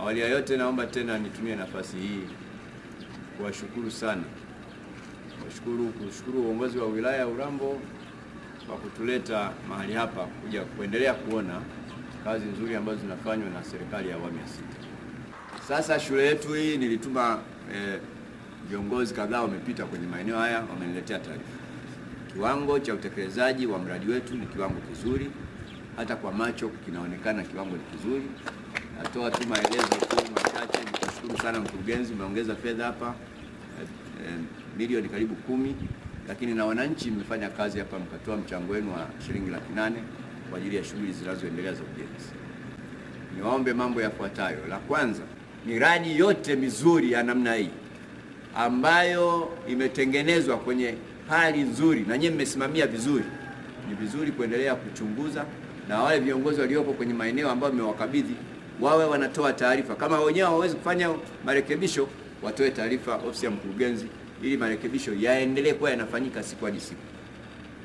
Awali ya yote naomba tena nitumie nafasi hii kuwashukuru sana, kushukuru kushukuru uongozi wa wilaya ya Urambo kwa kutuleta mahali hapa kuja kuendelea kuona kazi nzuri ambazo zinafanywa na serikali ya awamu ya sita. Sasa shule yetu hii nilituma eh, viongozi eh, kadhaa wamepita kwenye maeneo haya, wameniletea taarifa. Kiwango cha utekelezaji wa mradi wetu ni kiwango kizuri, hata kwa macho kinaonekana kiwango ni kizuri natoa tu maelezo tu machache. Nikushukuru sana mkurugenzi, umeongeza fedha hapa e, milioni karibu kumi, lakini na wananchi mmefanya kazi hapa, mkatoa mchango wenu wa shilingi laki nane kwa ajili ya shughuli zinazoendelea za ujenzi. Niwaombe mambo yafuatayo. La kwanza, miradi yote mizuri ya namna hii ambayo imetengenezwa kwenye hali nzuri na nyinyi mmesimamia vizuri, ni vizuri kuendelea kuchunguza na wale viongozi walioko kwenye maeneo ambayo mmewakabidhi wawe wanatoa taarifa. Kama wenyewe hawawezi kufanya marekebisho, watoe taarifa ofisi ya mkurugenzi, ili marekebisho yaendelee kuwa yanafanyika siku hadi siku.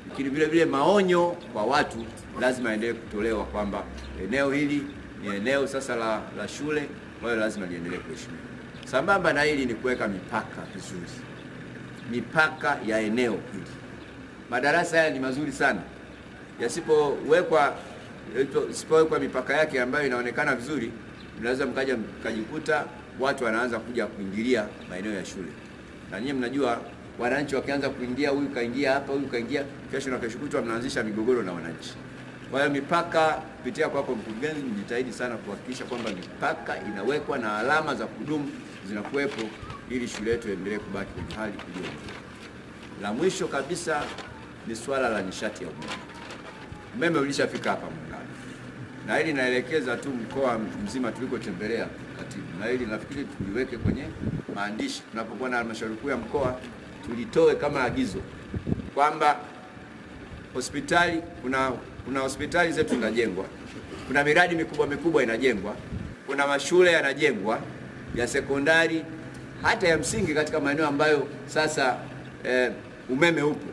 Lakini vile vile maonyo kwa watu lazima yaendelee kutolewa kwamba eneo hili ni eneo sasa la, la shule hiyo lazima liendelee kuheshimiwa. Sambamba na hili ni kuweka mipaka vizuri, mipaka ya eneo hili. Madarasa haya ni mazuri sana, yasipowekwa isipowekwa mipaka yake ambayo inaonekana vizuri, mnaweza mkaja mkajikuta watu wanaanza kuja kuingilia maeneo ya shule, na nyinyi mnajua wananchi wakianza kuingia, huyu kaingia hapa, huyu kaingia, kesho na kesho kutwa mnaanzisha migogoro na wananchi. Kwa hiyo mipaka, kupitia kwako mkurugenzi, mjitahidi sana kuhakikisha kwamba mipaka inawekwa na alama za kudumu zinakuwepo ili shule yetu iendelee kubaki kwenye hali iliyo. La mwisho kabisa ni swala la nishati ya umeme. Umeme ulishafika hapa na hili naelekeza tu mkoa mzima tulikotembelea katibu, na hili nafikiri tuliweke kwenye maandishi tunapokuwa na halmashauri kuu ya mkoa, tulitoe kama agizo kwamba hospitali kuna, kuna hospitali zetu zinajengwa, kuna miradi mikubwa mikubwa inajengwa, kuna mashule yanajengwa ya sekondari hata ya msingi katika maeneo ambayo sasa eh, umeme upo,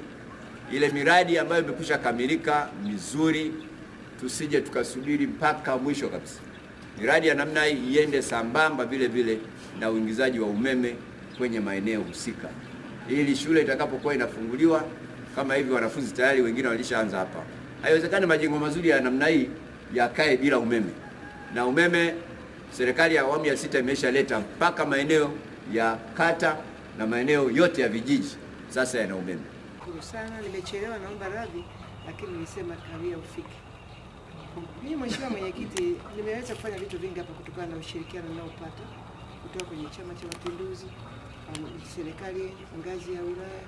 ile miradi ambayo imekwisha kamilika mizuri tusije tukasubiri mpaka mwisho kabisa. Miradi ya namna hii iende sambamba vile vile na uingizaji wa umeme kwenye maeneo husika, ili shule itakapokuwa inafunguliwa kama hivi, wanafunzi tayari wengine walishaanza hapa. Haiwezekani majengo mazuri ya namna hii yakae bila umeme, na umeme serikali ya awamu ya sita imeshaleta mpaka maeneo ya kata na maeneo yote ya vijiji sasa yana umeme. Sana nimechelewa, naomba radhi, lakini nilisema kawia ufike. Mimi Mheshimiwa Mwenyekiti, nimeweza kufanya vitu vingi hapa kutokana na ushirikiano ninaopata kutoka kwenye Chama cha Mapinduzi, um, serikali ngazi ya wilaya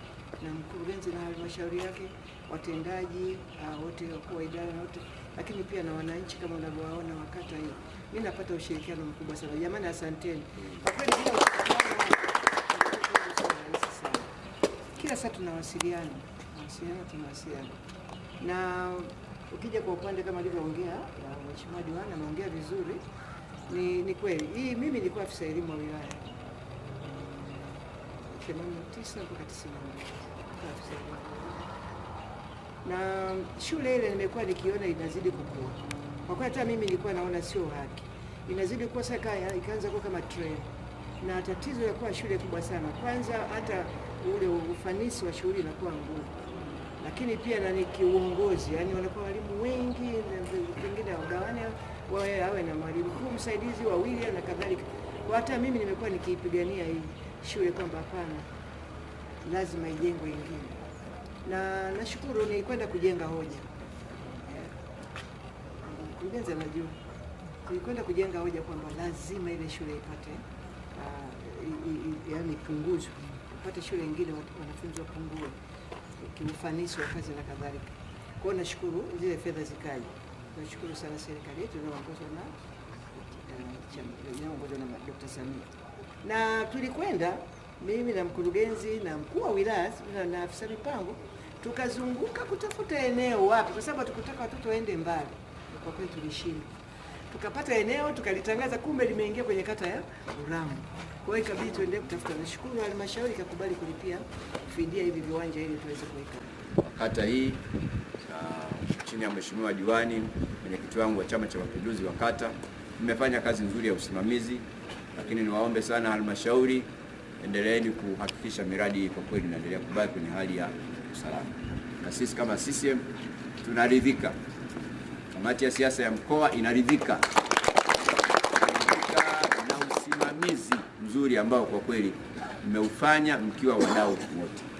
na mkurugenzi na halmashauri yake, watendaji uh, wote wakuu wa idara wote, lakini pia na wananchi kama unavyowaona wakata hii, mimi napata ushirikiano mkubwa sana jamani, asanteni kwa kweli. Bila kila saa tunawasiliana, tunawasiliana, tunawasiliana na Ukija kwa upande kama alivyoongea mheshimiwa diwani ameongea vizuri, ni, ni kweli hii. Mimi nilikuwa afisa elimu wa wilaya tisa mpaka 91 na shule ile nimekuwa nikiona inazidi kukua kwa kweli, hata mimi nilikuwa naona sio haki, inazidi kuwa sasa ikaanza kuwa kama trend, na tatizo ya kuwa shule kubwa sana, kwanza hata ule ufanisi wa shughuli inakuwa ngumu lakini pia nani kiuongozi, yani wanakuwa walimu wengi, pengine wagawane wawe awe na mwalimu mkuu msaidizi wawili na kadhalika. Kwa hata mimi nimekuwa nikiipigania hii shule kwamba hapana, lazima ijengwe ingine, na nashukuru nilikwenda kujenga hoja. Mkurugenzi anajua tulikwenda kujenga hoja kwamba lazima ile shule ipate uh, ah, yani ipunguzwe, upate shule ingine, wanafunzi wapungue kiufanisi wa kazi na kadhalika. Kwa hiyo nashukuru zile fedha zikaje. Nashukuru sana serikali yetu inayoongozwa na inayoongozwa na Dkt. Samia, na tulikwenda mimi na mkurugenzi na mkuu wa wilaya na afisa mipango tukazunguka kutafuta eneo wapi, kwa sababu hatukutaka watoto waende mbali. Kwa kweli tulishindwa tukapata eneo tukalitangaza, kumbe limeingia kwenye kata ya Urambo. Kwa hiyo ikabidi tuendelee kutafuta. Nashukuru halmashauri ikakubali kulipia fidia hivi viwanja ili tuweze kuweka kata hii uh, chini ya mheshimiwa diwani, mwenyekiti wangu wa Chama cha Mapinduzi wa kata. Mmefanya kazi nzuri ya usimamizi, lakini niwaombe sana halmashauri, endeleeni kuhakikisha miradi hii kwa kweli inaendelea kubaki kwenye hali ya usalama, na sisi kama CCM tunaridhika kamati ya siasa ya mkoa inaridhika na usimamizi mzuri ambao kwa kweli mmeufanya mkiwa wadau wote.